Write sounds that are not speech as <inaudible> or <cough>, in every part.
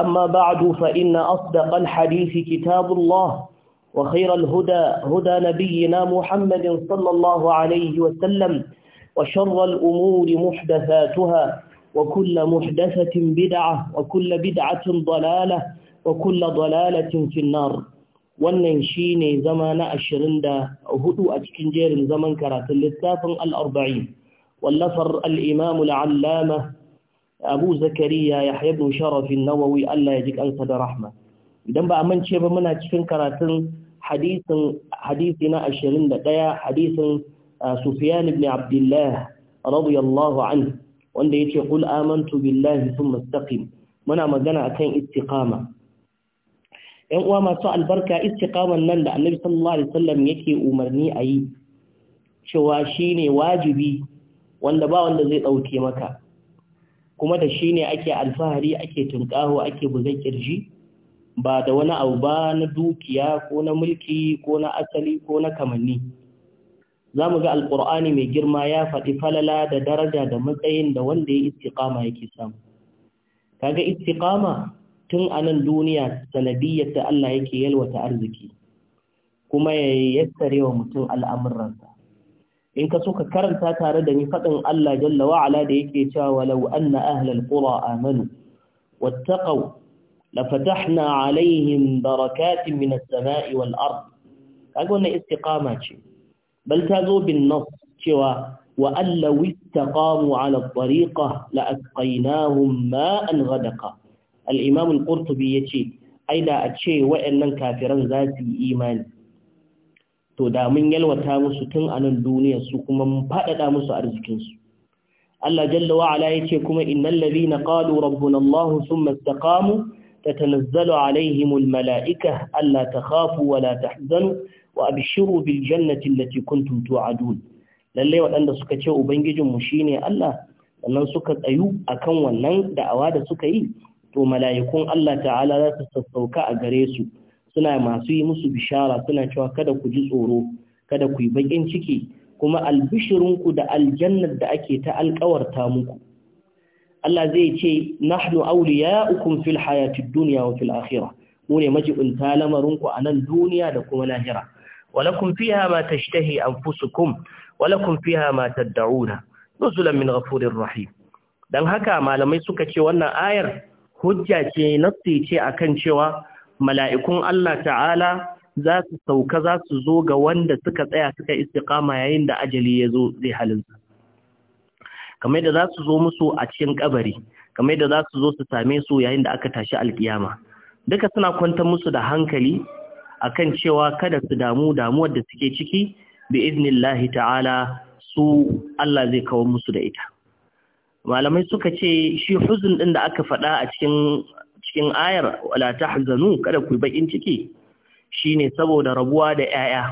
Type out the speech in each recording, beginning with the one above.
أما بعد فإن أصدق الحديث كتاب الله وخير الهدى هدى نبينا محمد صلى الله عليه وسلم وشر الأمور محدثاتها وكل محدثة بدعة وكل بدعة ضلالة وكل ضلالة في النار wannan زمان أشرندا zama na ashirin كرات hudu الأربعين cikin الإمام العلامة abu zakariya ya haibu sharafin nawawi Allah ya ji kansa da rahma idan ba a mance ba muna cikin karatun hadisin hadisi na 21 hadisin ah, Sufyan ibn Abdullah radiyallahu anhu wanda yace kul amantu billahi thumma istaqim muna magana akan istiqama ƴan uwa masu albarka istiqaman nan da Annabi sallallahu alaihi wasallam yake umarni a yi cewa shine wajibi wanda ba wanda zai dauke maka kuma da shi ne ake alfahari ake tunƙaho ake buzan ƙirji ba da wani abu ba na dukiya ko na mulki ko na asali ko na kamanni za mu ga alƙur'ani mai girma ya faɗi falala da daraja da matsayin da wanda ya istiƙama yake samu kaga istiƙama tun a nan duniya sanadiyyar da Allah yake yalwata arziki kuma ya yassare wa mutum al'amuransa in ka so ka karanta tare da ni faɗin Allah jalla wa'ala da yake cewa walau anna ahlal qura amanu wattaqaw lafatahna alaihim barakatin minas sama'i wal ard kaga wannan istiqama ce bal ta zo bin nas cewa wa allaw istaqamu ala tariqa la asqaynahum ma'an ghadaqa al imam al qurtubi yace aida a ce wayannan kafiran za su yi imani to da mun yalwata musu tun a nan duniya su kuma mun faɗaɗa musu arzikinsu Allah jalla wa ala yace kuma innal ladhina qalu rabbuna Allah thumma istaqamu tatanazzalu alaihimul malaika alla takhafu wa la tahzanu wa abshiru bil jannati allati kuntum tu'adun lalle waɗanda suka ce ubangijin mu shine Allah sannan suka tsayu akan wannan da'awa da suka yi to mala'ikun Allah ta'ala za su sassauka a gare su suna masu yi musu bishara suna cewa kada ku ji tsoro kada ku yi baƙin ciki kuma albishirinku da aljannar da ake ta alkawarta muku Allah zai ce nahnu awliya'ukum fil hayatid dunya wa fil akhirah mu ne majibinta lamarinku a nan duniya da kuma lahira walakum fiha ma tashtahi anfusukum walakum fiha ma tad'una nuzulan min ghafurir rahim dan haka malamai suka ce wannan ayar hujja ce nassi ce akan cewa mala'ikun Allah ta'ala za su sauka za su zo ga wanda suka tsaya suka istiqama yayin da ajali ya zo zai halinsa kamar da za su zo musu a cikin kabari kamar da za su zo su same su yayin da aka tashi alkiyama duka suna kwanta musu da hankali akan cewa kada su damu damuwar da suke ciki bi iznillahi ta'ala su Allah zai kawo musu da ita malamai suka ce shi huzun ɗin da aka faɗa a cikin cikin ayar wala ta hanzanu kada ku bakin ciki shi ne saboda rabuwa da 'ya'ya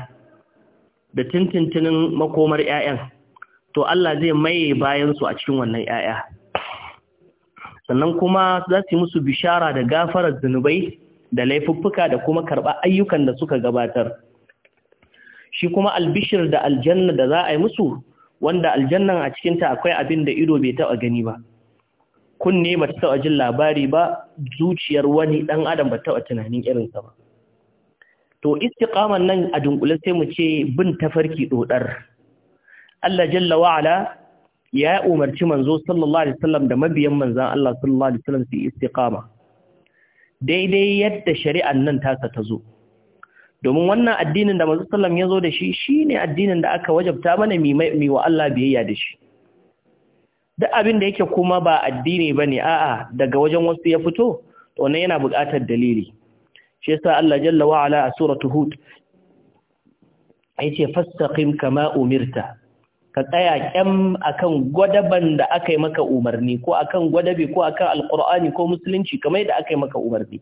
da tintintinin makomar 'ya'yan to Allah zai maye bayansu a cikin wannan 'ya'ya sannan kuma za su yi musu bishara da gafarar zunubai da laifuffuka da kuma karɓa ayyukan da suka gabatar shi kuma albishir da aljanna da za a yi musu wanda aljannan a cikinta akwai abin da ido bai taɓa gani ba kunne ba ta taba jin labari ba zuciyar wani dan adam ba taba tunanin irinsa ba to istiqaman nan a dunkule sai mu ce bin tafarki dodar Allah jalla wa ala ya umarci manzo sallallahu alaihi wasallam da mabiyan manzon Allah sallallahu alaihi wasallam su istiqama daidai yadda shari'an nan ta ta zo domin wannan addinin da manzo sallallahu alaihi wasallam ya zo da shi shine addinin da aka wajabta mana mi wa Allah biyayya da shi duk abin da yake kuma ba addini ba ne a'a daga wajen wasu ya fito to ne yana buƙatar dalili shi yasa Allah jalla wa ala a suratu hud yace fastaqim kama umirta ka tsaya kyam akan gwadaban da aka yi maka umarni ko akan gwadabi ko akan alqur'ani ko musulunci kamar yadda aka yi maka umarni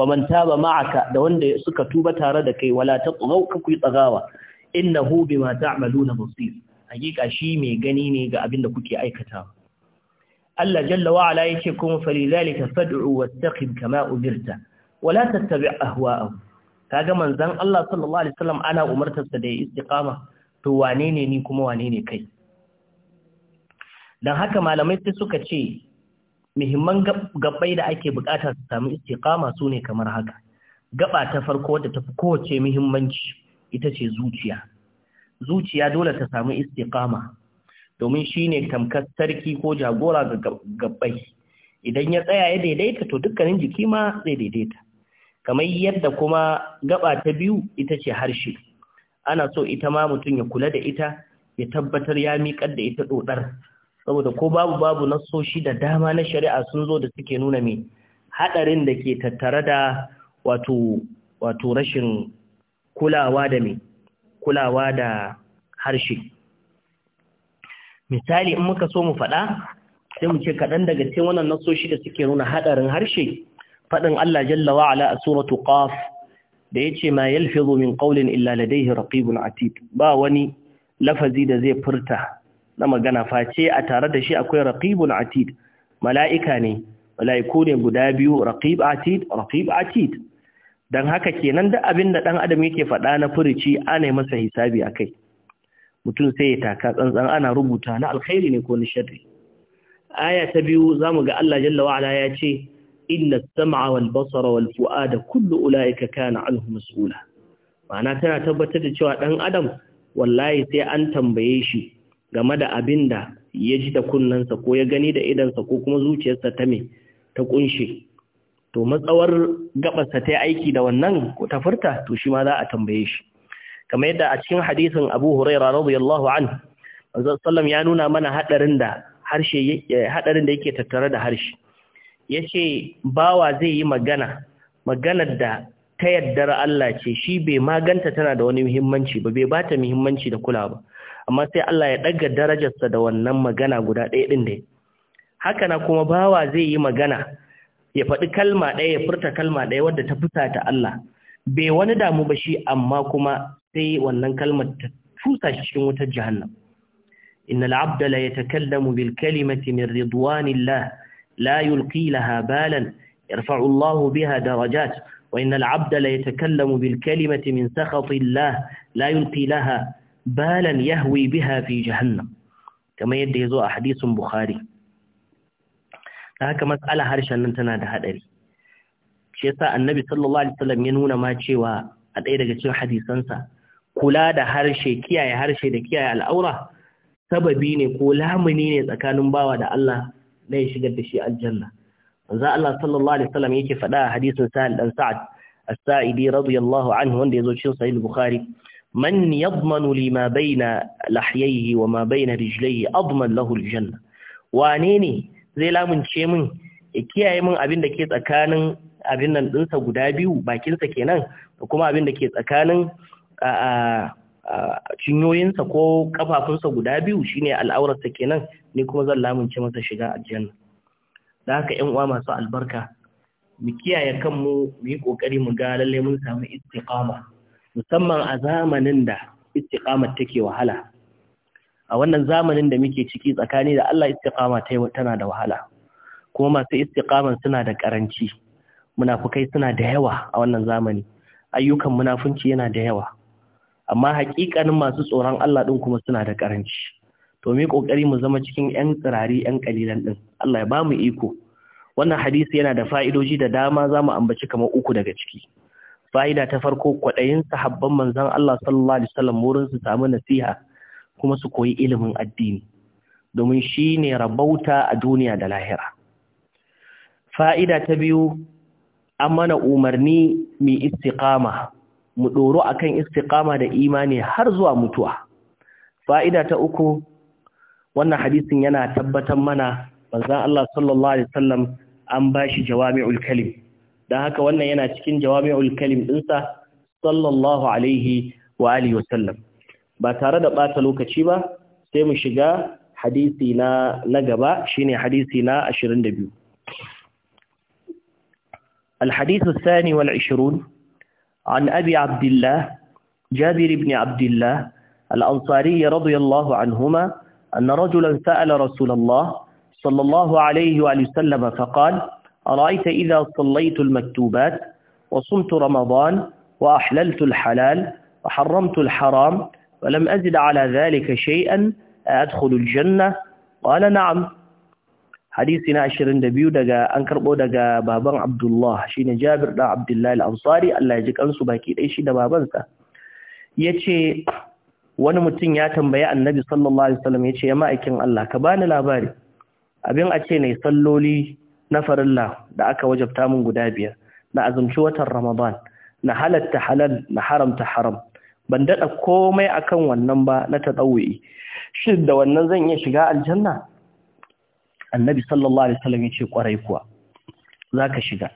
wa man taba ma'aka da wanda suka tuba tare da kai wala tatghaw ka kuyi tsagawa innahu bima ta'maluna basir hakika shi mai gani ne ga abin da kuke aikata Allah jalla wa ala yake kuma falidhalika fad'u wastaqim kama umirta wala tattabi' ahwa'ahum kaga manzon Allah sallallahu alaihi wasallam ana umartar sa da istiqama to wane ne ni kuma wane ne kai dan haka malamai sai suka ce muhimman gabbai da ake bukata su samu istiqama sune kamar haka gaba ta farko wadda fi kowace muhimmanci ita ce zuciya zuciya dole ta samu istiqama domin shine tamkar sarki ko jagora ga gabbai idan ya tsaya ya daidaita to dukkanin jiki ma zai daidaita kamar yadda kuma gaba ta biyu ita ce harshe ana so ita ma mutum ya kula da ita ya tabbatar ya miƙar da ita dodar saboda ko babu babu nasoshi da dama na shari'a sun zo da suke nuna mai hadarin da ke tattare da wato wato rashin kulawa da mai kulawa da harshe misali in muka so mu faɗa sai mu ce kaɗan daga cikin wannan nasoshi da suke nuna haɗarin harshe faɗin Allah jalla wa ala a suratu qaf da ce ma yalfizu min ƙaunin illa ladayhi raqibun atid ba wani lafazi da zai furta na magana face a tare da shi akwai raqibun atid mala'ika ne mala'iku ne guda biyu raqib atid raqib atid don haka kenan da abin da ɗan adam yake faɗa na furici ana masa hisabi a kai mutum sai ya taka tsantsan ana rubuta na alkhairi ne ko na sharri aya ta biyu za mu ga Allah jalla wa'ala ya ce inna sam'a wal basara wal fu'ada kullu ula'ika kana anhu mas'ula ma'ana tana tabbatar da cewa ɗan adam wallahi sai an tambaye shi game da abin da ya ji da kunnensa ko ya gani da idansa ko kuma zuciyarsa ta me ta kunshe to matsawar gabarsa ta aiki da wannan ko ta furta to shi ma za a tambaye shi kamar yadda a cikin hadisin Abu Hurairah radiyallahu anhu sallam ya nuna mana hadarin da harshe hadarin da yake tattare da harshe yace bawa zai yi magana maganar da ta yaddar Allah ce shi bai maganta tana da wani muhimmanci ba bai bata muhimmanci da kula ba amma sai Allah ya daga darajarsa da wannan magana guda ɗaya din da haka na kuma bawa zai yi magana ya faɗi kalma ɗaya ya furta kalma ɗaya wadda ta fusata Allah bai wani damu ba shi amma kuma sai wannan kalmar ta tusa shi cikin wutar jahannam innal abda la yatakallamu bil kalimati min ridwanillah la yulqi laha balan yarfa'u Allah biha darajat wa innal abda la yatakallamu bil kalimati min sakhatillah la yulqi laha balan yahwi biha fi jahannam kama yadda yazo a hadisin bukhari ta haka matsala harshen nan tana da haɗari shi yasa annabi sallallahu alaihi wasallam ya nuna ma cewa a ɗaya daga cikin hadisansa kula da harshe kiyaye harshe da kiyaye al'aura sababi ne ko lamuni ne tsakanin bawa da Allah na ya shigar da shi aljanna manzo Allah sallallahu alaihi wasallam yake faɗa a hadisin Sa'ad dan Sa'ad as-Sa'idi radiyallahu anhu wanda yazo cikin Sahih Bukhari man yadmanu lima baina lahyayhi wa ma baina rijlayhi adman lahu aljanna wane ne zai lamunce min ya kiyaye min abin da ke tsakanin abin nan dinsa guda biyu bakinsa kenan da kuma abin da ke tsakanin cinyoyinsa ko kafafunsa guda biyu shine al'aurarsa kenan ni kuma zan lamunce masa shiga aljanna da haka yan uwa masu albarka mu kiyaye kanmu mu yi kokari mu ga lalle mun samu istiqama musamman a zamanin da istiqama take wahala a wannan zamanin da muke ciki tsakani da Allah istiqama tana da wahala kuma masu istiqaman suna da karanci munafukai suna da yawa a wannan zamani ayyukan munafunci yana da yawa amma haƙiƙanin masu tsoron Allah din kuma suna da karanci to mu kokari mu zama cikin yan tsirari yan kalilan din Allah ya bamu iko wannan hadisi yana da fa'idoji da dama zamu ambaci kamar uku daga ciki fa'ida ta farko kwadayin sahabban manzon Allah sallallahu alaihi wasallam wurin su samu nasiha kuma su koyi ilimin addini domin shi ne rabauta a duniya da lahira fa'ida ta biyu an mana umarni mai istiqama, mu ɗoro a kan da imani har zuwa mutuwa fa'ida ta uku wannan hadisin yana tabbatar mana manzan Allah sallallahu Alaihi wasallam an ba shi jawami'ul kalim don haka wannan yana cikin jawami'ul kalim ɗinsa sallallahu Alaihi wa Alihi wasallam ba tare da ɓata lokaci ba sai mu shiga hadisi na na gaba shine hadisi na 22 الحديث الثاني والعشرون عن أبي عبد الله جابر بن عبد الله الأنصاري رضي الله عنهما أن رجلا سأل رسول الله صلى الله عليه وآله وسلم فقال أرأيت إذا صليت المكتوبات وصمت رمضان وأحللت الحلال وحرمت الحرام ولم أزد على ذلك شيئا أدخل الجنة قال نعم حديثنا عشرين دبيو دقا أنكربو دقا بابان عبد الله شين جابر دا عبد الله الأنصاري الله يجيك أنسو باكي إيشي دا بابانسا يتشي wani mutum ya tambaya annabi sallallahu alaihi wasallam yace ya ma'aikin Allah ka bani labari abin a ce ne salloli na farilla da aka wajabta mun guda biyar na azumci watan Ramadan na halatta halal na haramta haram ban daɗa komai akan wannan ba na ta ɗauwe shi da wannan zan iya shiga aljanna annabi sallallahu alaihi wasallam ya ce kwarai kuwa za ka shiga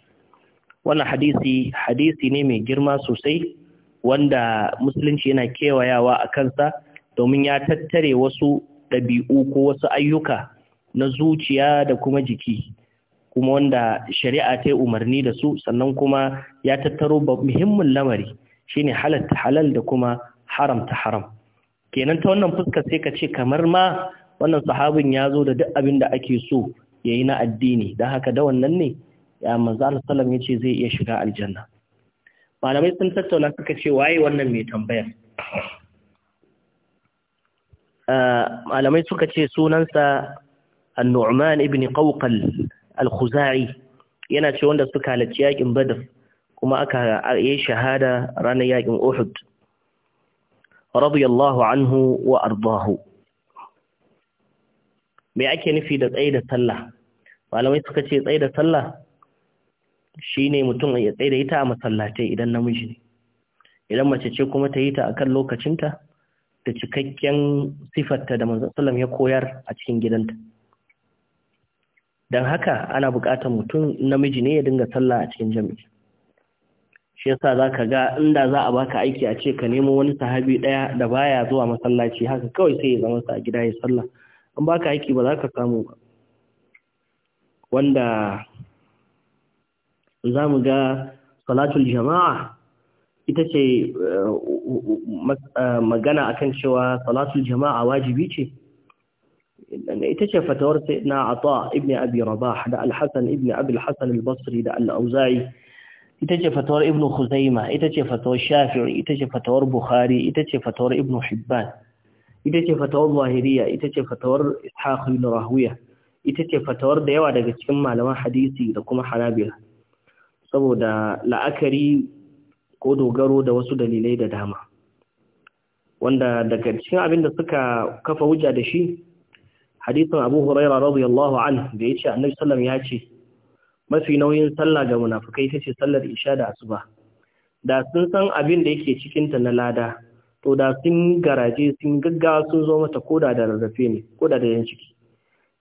wannan hadisi hadisi ne mai girma sosai wanda musulunci yana kewayawa a kansa domin ya tattare wasu ɗabi'u ko wasu ayyuka na zuciya da kuma jiki kuma wanda shari'a ta yi umarni da su sannan kuma ya tattaro muhimmin lamari shine ne halal da kuma haramta haram kenan ta wannan fuskar sai ka ce kamar ma wannan sahabin ya zo da duk abin da ake so ya yi na addini don haka da wannan ne ya manzo alisalam ya ce zai iya shiga aljanna malamai sun tattauna suka ce waye wannan mai tambayar ah, malamai suka ce sunansa al-Nu'man ibn qawqal al-khuzai yana ce wanda suka halarci yakin badr kuma aka yi shahada ranar yakin Uhud radiyallahu anhu wa ardahu me ake nufi da tsaye da sallah malamai suka ce tsaye da sallah ne mutum ya tsaye da ita a masallatai idan namiji ne idan mace ce kuma ta yi ta akan lokacinta da cikakken sifarta da manzon ya koyar a cikin gidanta don haka ana bukatar mutum namiji ne ya dinga sallah a cikin jami'i shi yasa za ka ga inda za a baka aiki a ce ka nemo wani sahabi ɗaya da baya zuwa masallaci haka kawai sai ya zama sa a gida ya sallah an baka aiki ba za ka samu ba wanda za mu ga salatul jama'a ita ce eh, uh, uh, uh, magana akan cewa salatul jama'a wajibi ce ita ce fatawar na ata ibn abi rabah da al-hasan ibn abi al al-basri da al-auza'i ita ce fatawar ibn Khuzaima ita ce fatawar Shafi'i ita ce fatawar Bukhari ita ce fatawar ibn Hibban ita ce fatawar Zahiriya ita ce fatawar Ishaq ibn Rahuya ita ce fatawar da yawa daga cikin malaman hadisi da kuma harabila saboda la'akari ko dogaro da wasu dalilai da dama wanda daga cikin abin da suka kafa hujja da shi hadisin Abu Hurairah radiyallahu anhu da yace Annabi sallallahu alaihi wasallam ya ce mafi nauyin sallah ga munafukai ita ce sallar isha da asuba da sun san abin da yake cikinta na lada to da sun garaje sun gaggawa sun zo mata koda da rarrafe ne koda da yan ciki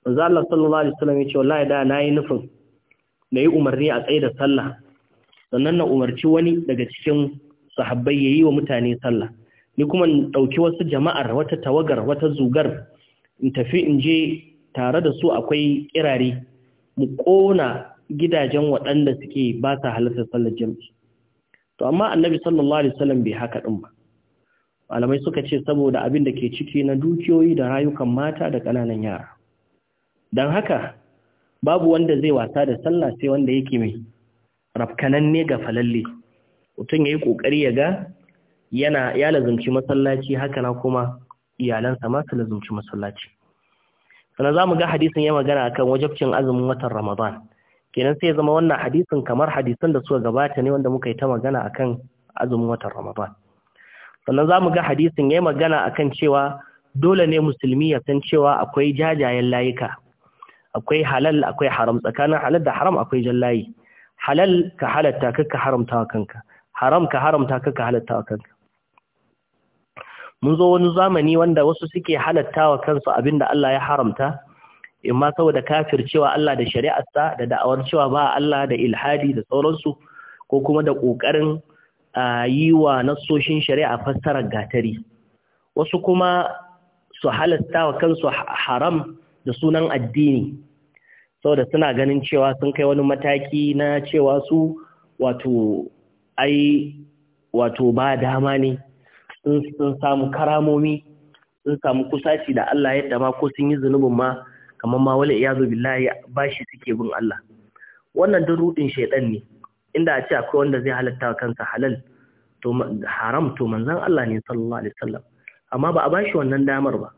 manzo Allah sallallahu alaihi wasallam ya ce wallahi da yi nufin na yi umarni a tsaye da sallah sannan na umarci wani daga cikin sahabbai yayi wa mutane sallah ni kuma in dauki wasu jama'ar wata tawagar wata zugar in tafi in je tare da su akwai kirare mu kona gidajen waɗanda suke ba sa halarta sallar jam'i to amma annabi sallallahu alaihi wasallam bai haka din ba malamai suka ce saboda abin da ke ciki na dukiyoyi da rayukan mata da ƙananan yara don haka babu wanda zai wasa da sallah sai wanda yake mai rafkananne ga falalle mutum ya yi ƙoƙari ya ga yana ya lazumci masallaci haka na kuma iyalansa ma su lazumci masallaci sannan za mu ga hadisin ya magana akan wajabcin azumin watan ramadan kenan sai ya zama wannan hadisin kamar hadisan da suka gabata ne wanda muka yi ta magana akan azumin watan Ramadan sannan za mu ga hadisin ya yi magana akan cewa dole ne musulmi ya san cewa akwai jajayen layuka akwai halal akwai haram tsakanin halal da haram akwai jallayi halal ka halatta ka haramta wa kanka haram ka haramta ka halatta wa kanka mun zo wani zamani wanda wasu suke halatta wa kansu abinda Allah ya haramta imma saboda cewa Allah da shari'arsa da da'awar cewa ba Allah da ilhadi da sauransu ko kuma da ƙoƙarin yi wa nasoshin shari'a fassarar gatari wasu kuma su halasta wa kansu haram da sunan addini saboda suna ganin cewa sun kai wani mataki na cewa su wato ai wato ba dama ne sun samu karamomi sun samu kusaci da Allah yadda ma ko sun yi zunubin ma kamar ma ya iyazu billahi bashi suke bin Allah wannan duk rudin shaytan ne inda a ce akwai wanda zai halatta kansa halal to haram to manzon Allah ne sallallahu alaihi wasallam amma ba a bashi wannan damar ba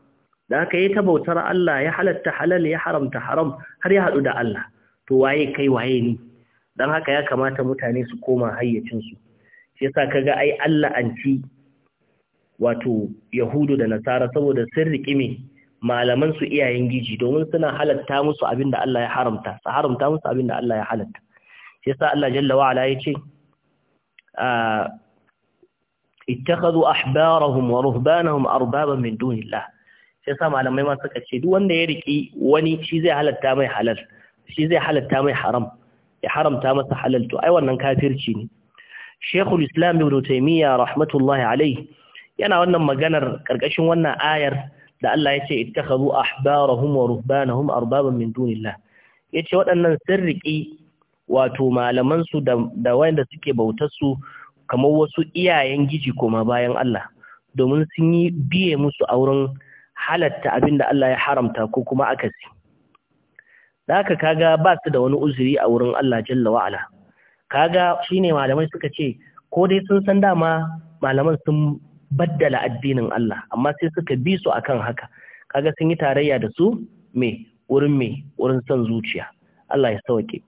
da aka yi ta bautar Allah ya halatta halal ya haramta haram har ya hadu da Allah to waye kai waye ni dan haka ya kamata mutane su koma hayyacinsu shi yasa kaga ai Allah anci wato yahudu da nasara saboda sirri riƙi malaman su iyayen giji domin suna halatta musu abinda da Allah ya haramta su haramta musu abinda da Allah ya halatta shi yasa Allah jalla wa ala yace ah, ittakhadhu ahbarahum wa ruhbanahum arbaban min dunillah shi yasa malamai ma suka ce duk wanda ya riki wani shi zai halatta mai halal shi zai halatta mai haram ya haramta masa halal to ai wannan kafirci ne Sheikhul Islam Ibn Taymiyyah rahmatullahi alayhi yana wannan maganar karkashin wannan ayar da Allah ya ce ittakhadhu ahbarahum wa ruhbanahum arbaban min dunillah yace waɗannan sun wato malaman su da da wanda suke bautar su kamar wasu iyayen giji koma bayan Allah domin sun yi biye musu a wurin halatta abinda Allah ya haramta ko kuma akasi da haka kaga ba su da wani uzuri a wurin Allah jalla wa ala kaga shine malamai suka ce ko dai sun san dama malaman sun baddala addinin Allah amma sai suka bi su akan haka kaga sun yi tarayya da su me wurin me wurin son zuciya Allah ya sauke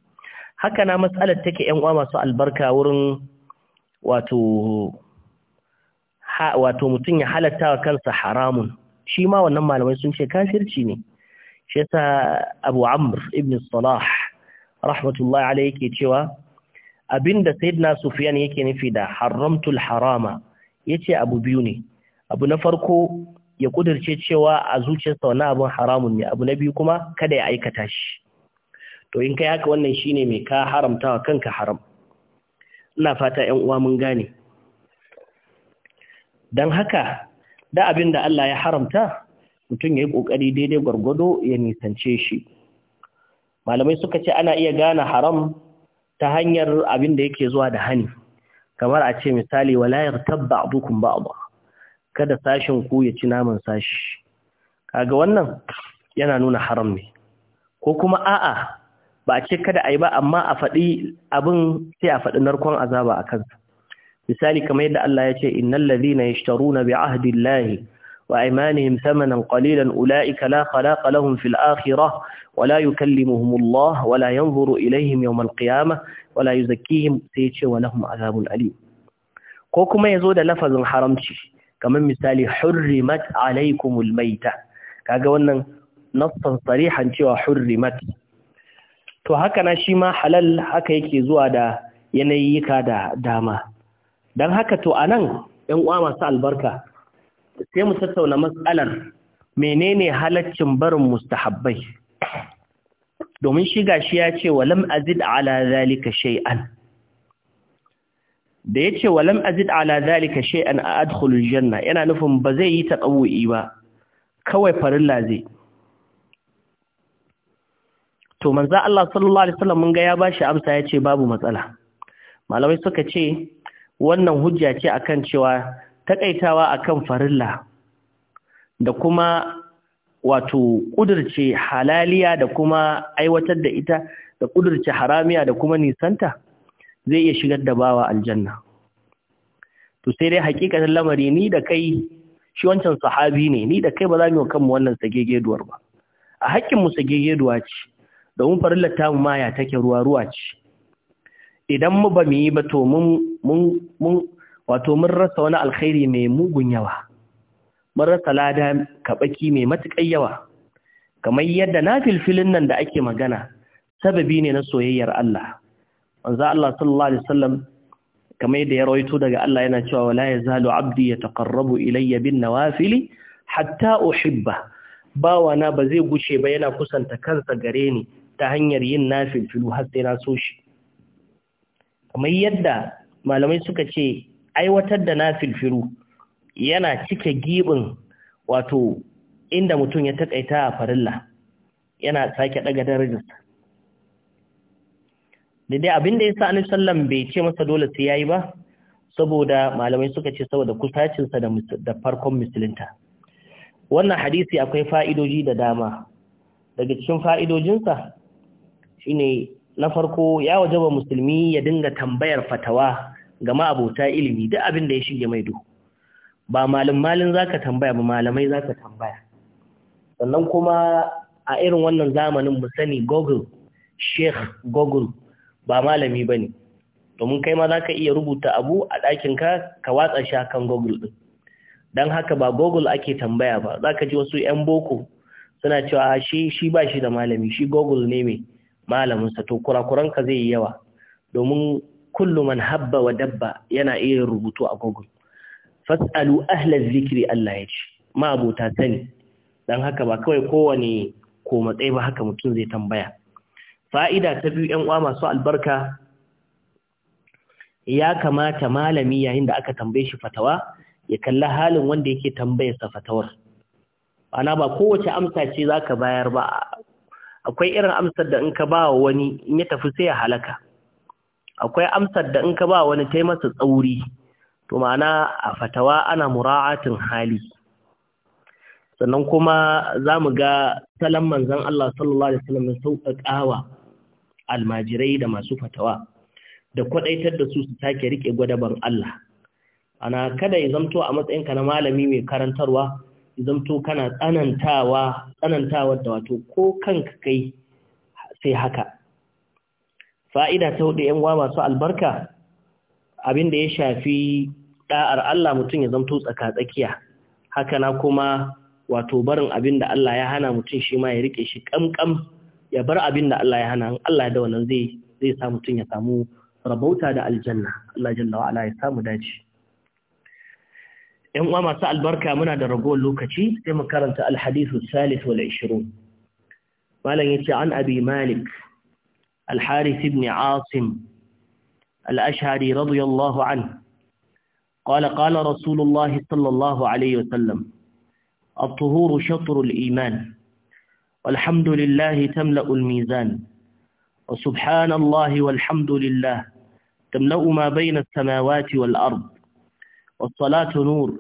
haka na matsalar take ƴan uwa masu albarka wurin wato ha wato mutum ya halatta wa kansa haramun shi ma wannan malamai sun ce kafirci ne shi yasa Abu Amr ibn Salah rahmatullahi alayhi yake cewa abinda sayyidina Sufyan yake nufi da haramtul harama ya ce abu biyu ne abu na farko ya kudirce cewa a zuciyarsa wani abin haramun ne abu na biyu kuma kada ya aikata shi to in kai haka wannan shine mai ka haramta wa kanka haram ina fata 'yan uwa mun gane dan haka da abin da Allah ya haramta mutum ya yi ƙoƙari daidai gwargwado ya nisance shi malamai suka ce ana iya gane haram ta hanyar abin da yake zuwa da hani kamar a ce misali 'Walayar tabba ba ba', kada sashin ku ya ci naman sashi kaga wannan yana nuna haram ne ko kuma a'a ba a ce kada a yi ba amma a faɗi abin sai a faɗi narkon azaba a kansa misali kamar yadda Allah ya ce innal ladhina yashtaruna bi ahdillahi وأيمانهم ثمنا قليلا أولئك لا خلاق لهم في الآخرة ولا يكلمهم الله ولا ينظر إليهم يوم القيامة ولا يزكيهم سيتش ولهم عذاب أليم كوكما يزود لفظ حرمتش كما مثال حرمت عليكم الميتة كاقوانا نصا صريحا شوى حرمت to haka na shi ma halal haka yake zuwa da yanayika da dama don haka to a nan ‘yan uwa masu albarka sai mu tattauna matsalar menene halaccin barin mustahabbai domin shi gashi ya ce walam azid ala zalika shay'an da yace walam azid ala zalika shay'an adkhulu janna yana nufin ba zai yi taqawwi ba kawai farilla zai to manzo Allah sallallahu alaihi wasallam mun ga ya bashi amsa yace babu matsala malamai suka ce wannan hujja ce akan cewa taƙaitawa kan farilla da kuma wato ƙudurce halaliya da kuma aiwatar da ita da ƙudurce haramiya da kuma nisanta zai iya shigar da bawa aljanna to sai dai hakikatan lamari ni da kai shi wancan sahabi ne ni da kai ba za mu yi kanmu wannan sagegeduwar ba a haƙƙin mu sagegeduwa ce domin farillar tamu ma ya take ruwa ruwa ce idan mu ba mu yi ba to mun mun wato mun rasa wani alkhairi mai mugun yawa mun rasa lada kaɓaki mai matukar yawa kamar yadda na filfilin nan da ake magana sababi ne na soyayyar Allah manzo Allah sallallahu alaihi wasallam kamar yadda ya rawaito daga Allah yana cewa wala yazalu abdi yataqarrabu ilayya bin nawafili hatta uhibba bawana ba zai gushe ba yana kusanta kansa gare ni ta hanyar yin nafilfilu har sai na so shi kamar yadda malamai suka ce aiwatar da nafilfiru yana cike giɓin wato inda mutum ya taƙaita a farilla yana sake ɗaga darajarsa da dai abin da ya sa annabi sallam bai ce masa dole sai yayi ba saboda malamai suka ce saboda kusacinsa da da farkon musulunta wannan hadisi akwai fa'idoji da dama daga cikin fa'idojinsa shine na farko ya wajaba musulmi ya dinga tambayar fatawa ga ma'abota ilimi duk abin da ya shige mai duhu ba malin malin za ka tambaya ba malamai za ka tambaya sannan kuma a irin wannan zamanin mu sani google sheikh google ba malami ba ne domin kai ma za ka iya rubuta abu a ɗakinka ka watsa shi kan google ɗin don haka ba google ake tambaya ba za ka ji wasu 'yan boko suna cewa shi shi ba shi da malami shi google ne mai malaminsa to kurakuran ka zai yi yawa domin kullu man habba wa dabba yana iya rubutu a google fas'alu ahla zikri Allah ya ce ma abota sani dan haka ba kawai kowane ko matsayi ba haka mutum zai tambaya fa'ida ta biyu 'yan uwa masu albarka ya kamata malami yayin da aka tambaye shi fatawa ya kalla halin wanda yake tambayarsa fatawar ana ba kowace amsa ce zaka bayar ba akwai irin amsar da in ka ba wani in ya tafi sai ya halaka akwai amsar da in ka ba wani tai masa tsauri to ma'ana a fatawa ana mura'atin hali sannan kuma za mu ga salon manzan Allah sallallahu Alaihi wasallam na sauƙaƙawa almajirai da masu fatawa da kwaɗaitar da su su take riƙe gwadaban Allah ana kada ya zamto a matsayinka na malami mai karantarwa ya zamto kana tsanantawa tsanantawa da wato ko kanka kai sai haka fa'ida ta hudu ‘yan masu albarka abin da ya shafi ɗa'ar Allah mutum ya zamto tsaka-tsakiya haka na kuma wato barin abin da Allah ya hana mutum shi ma ya riƙe shi ƙamƙam ya bar abin da Allah ya hana Allah da wannan zai zai sa mutum ya samu rabauta da aljanna Allah jalla wa ala ya samu dace ‘yan uwa masu albarka muna da ragowar lokaci sai mu karanta alhadisu salis wal 20 malam yace an abi malik الحارث بن عاصم الأشعري رضي الله عنه قال قال رسول الله صلى الله عليه وسلم الطهور شطر الإيمان والحمد لله تملأ الميزان وسبحان الله والحمد لله تملأ ما بين السماوات والأرض والصلاة نور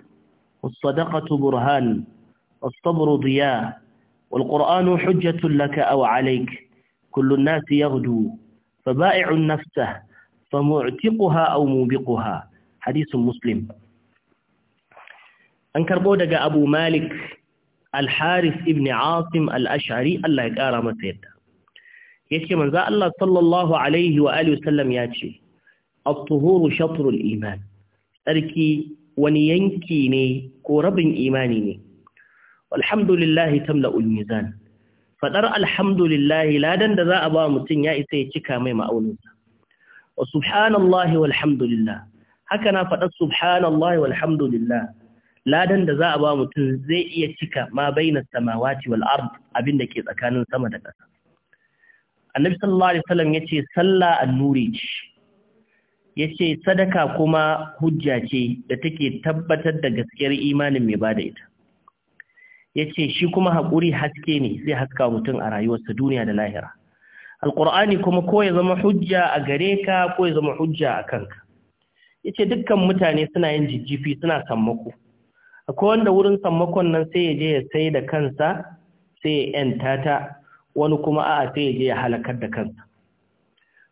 والصدقة برهان والصبر ضياء والقرآن حجة لك أو عليك كل الناس يغدو فبائع نفسه فمعتقها أو موبقها حديث مسلم an karbo daga abu malik al-haris ibn asim al-ash'ari Allah ya kara masa yadda yace manzo Allah sallallahu alaihi wa alihi wasallam yace at-tuhuru shatru al-iman sarki wani yanki ne ko rabin imani ne walhamdulillah tamla'u al-mizan faɗar alhamdulillahi ladan da za a ba mutum ya isa ya cika mai ma'auninsa wa subhanallahi walhamdulillah haka na fadar subhanallahi walhamdulillah ladan da za a ba mutum zai iya cika ma bainas samawati wal ard abin da ke tsakanin sama da ƙasa annabi sallallahu alaihi wasallam yace sallah annuri ce yace sadaka kuma hujja ce da take tabbatar da gaskiyar imanin mai bada ita ya ce shi kuma haƙuri haske ne zai haska mutum a rayuwarsa duniya da lahira alƙur'ani kuma ko ya zama hujja a gare ka ko ya zama hujja a kanka ya ce dukkan mutane suna yin jijjifi suna sammako akwai wanda wurin sammakon nan sai ya je ya sai da kansa sai ya ‘yanta ta wani kuma a'a sai ya je ya halakar da kansa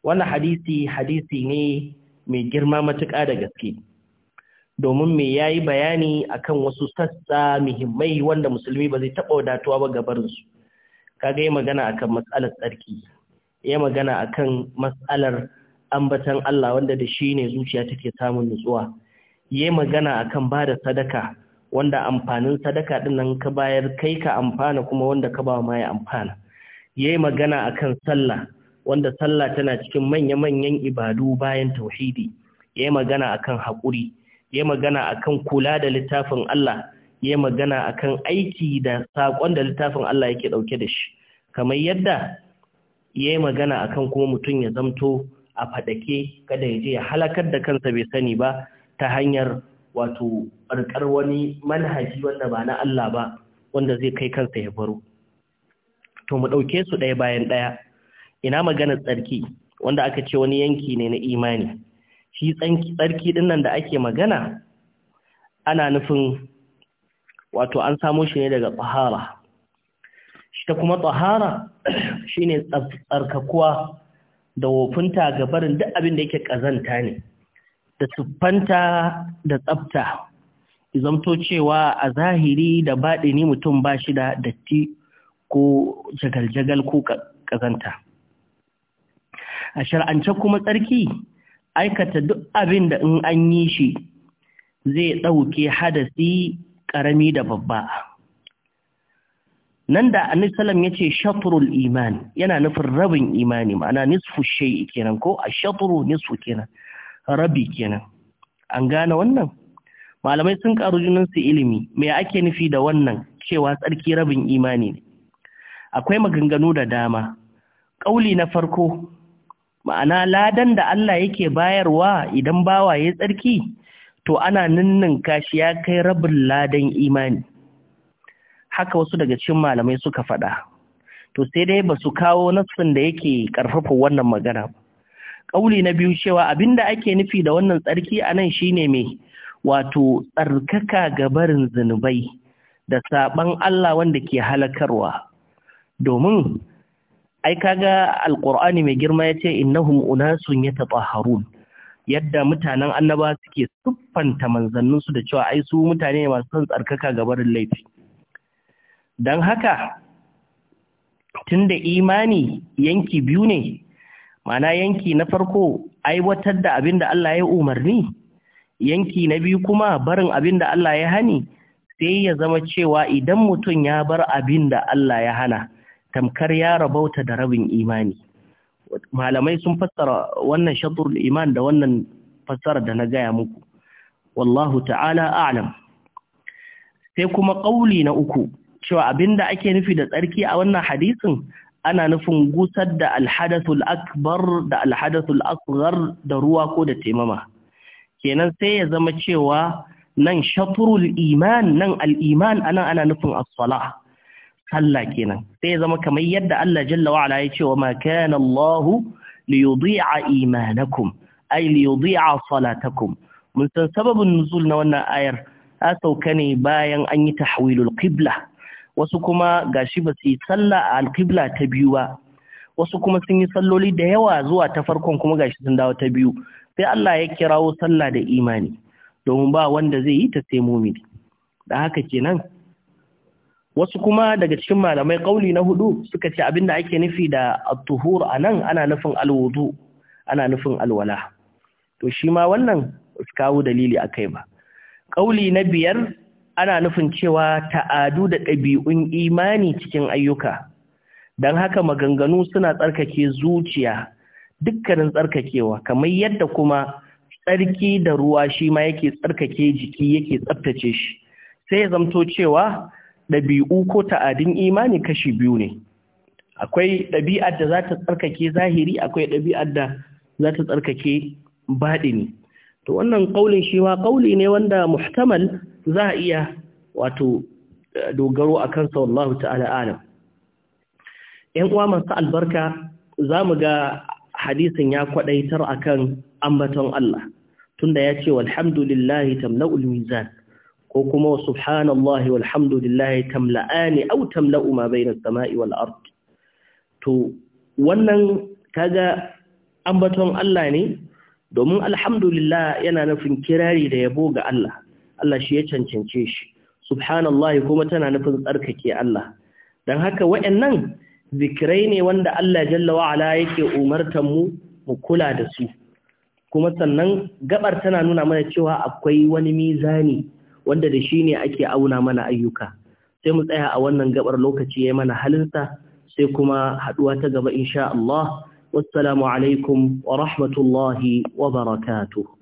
wannan hadisi hadisi ne mai girma matuƙa da gaske domin me ya yi bayani akan wasu sassa muhimmai wanda musulmi ba zai taɓa wadatuwa ba gabarinsu kaga yi magana akan matsalar tsarki ya magana akan matsalar ambatan Allah wanda da shi ne zuciya take samun nutsuwa ya magana akan ba da sadaka wanda amfanin sadaka ɗin nan ka bayar kai ka amfana kuma wanda ka ba ma ya amfana ya magana akan sallah wanda sallah tana cikin manya-manyan ibadu bayan tauhidi ya magana akan haƙuri ya magana akan kula da littafin Allah ya magana akan aiki da saƙon da littafin Allah yake ɗauke da shi kamar yadda ya magana akan kuma mutum ya zamto a faɗake kada ya je ya halakar da kansa bai sani ba ta hanyar wato barkar wani manhaji wanda ba na Allah ba wanda zai kai kansa ya baro to mu ɗauke su ɗaya bayan ɗaya ina magana tsarki wanda aka ce wani yanki ne na imani shi tsarki dinnan da ake magana ana nufin wato an samo shi ne daga tsahara shi ta kuma tsahara <clears throat> shi ne tsarkakuwa da wofinta ga barin duk abin da yake ƙazanta ne da siffanta da tsafta izamto cewa a zahiri da baɗini mutum ba shi da datti ko jagal-jagal ko ƙazanta a shar'ance kuma tsarki aikata duk abin da in an yi shi zai ɗauke hadasi ƙarami da babba nan da anisalam ya ce shatrul iman yana nufin rabin imani ma'ana nisfu shai kenan ko a shatru nisfu kenan rabi kenan an gane wannan malamai sun ƙaru junan su ilimi me ake nufi da wannan cewa tsarki rabin imani ne akwai maganganu da dama Ƙauli na farko ma'ana ladan da Allah yake bayarwa idan bawa ya tsarki to ana ninninka shi ya kai rabin ladan imani haka wasu daga cikin malamai suka faɗa to sai dai ba su kawo nassin da yake ƙarfafa wannan magana ƙauli na biyu cewa abinda ake nufi da wannan tsarki a nan shine mai wato tsarkaka ga barin zunubai da saɓan Allah wanda ke halakarwa domin ai kaga alqur'ani mai girma ya yace innahum unasun yatatahharun yadda mutanen annaba suke siffanta manzannin su da cewa ai su mutane masu son tsarkaka ga laifi dan haka tunda imani yanki biyu ne ma'ana yanki na farko aiwatar da abin da Allah ya umarni yanki na biyu kuma barin abin da Allah ya hani sai ya zama cewa idan mutum ya bar abin da Allah ya hana tamkar ya rabauta da rabin imani malamai sun fassara wannan shadrul iman da wannan fassara da na gaya muku wallahu ta'ala a'lam sai kuma ƙauli na uku cewa abinda ake nufi da tsarki a wannan hadisin ana nufin gusar da alhadathul akbar da alhadathul asghar da ruwa ko da taimama kenan sai ya zama cewa nan shatrul iman nan al-iman anan ana nufin as-salah sallah kenan sai ya zama kamar yadda Allah jalla wa ya ce wa ma kana Allah li yudhi'a imanakum ay li yudhi'a salatakum mun san sababin nuzul na wannan ayar ta sauka ne bayan an yi tahwilul qibla wasu kuma gashi ba su yi sallah a alqibla ta biyu ba wasu kuma sun yi salloli da yawa zuwa ta farkon kuma gashi sun dawo ta biyu sai Allah ya kirawo sallah da imani domin ba wanda zai yi ta sai mumini da haka kenan wasu kuma daga cikin malamai kauli na hudu suka ce da ake nufi da at-tuhur anan ana nufin al-wudu ana nufin alwala to shi ma wannan kawo dalili akai ba kauli na biyar ana nufin cewa ta'adu da ɗabi'un imani cikin ayyuka don haka maganganu suna tsarkake zuciya dukkanin tsarkakewa kamar yadda kuma tsarki da ruwa shi ma yake tsarkake jiki yake tsaftace shi sai ya zamto cewa ɗabi'u ko ta'adin imani kashi biyu ne akwai ɗabi'ar da za ta tsarkake zahiri akwai ɗabi'ar da za ta tsarkake baɗini to wannan ƙaulin shi ma ƙauli ne wanda muhtamal za a iya wato eh, dogaro a kansa wallahu ta'ala alam ‘yan uwa masu albarka za mu ga hadisin ya kwaɗaitar kan ambaton Allah tunda ya ce walhamdulillahi tamla'ul mizan ko kuma subhanallahi walhamdulillahi tamla'ani aw tamla'u ma bayna as-sama'i wal ard to wannan kaga ambaton Allah ne domin alhamdulillah yana nufin kirari da yabo ga Allah Allah shi ya cancance shi subhanallahi kuma tana nufin tsarkake Allah dan haka wayannan zikirai ne wanda Allah jalla wa ala yake umartan mu mu kula da su kuma sannan gabar tana nuna mana cewa akwai wani mizani wanda da shi ne ake auna mana ayyuka sai mu tsaya a wannan gabar lokaci ya yi mana halinsa sai kuma haduwa ta gaba insha Allah wassalamu alaikum wa rahmatullahi wa barakatuh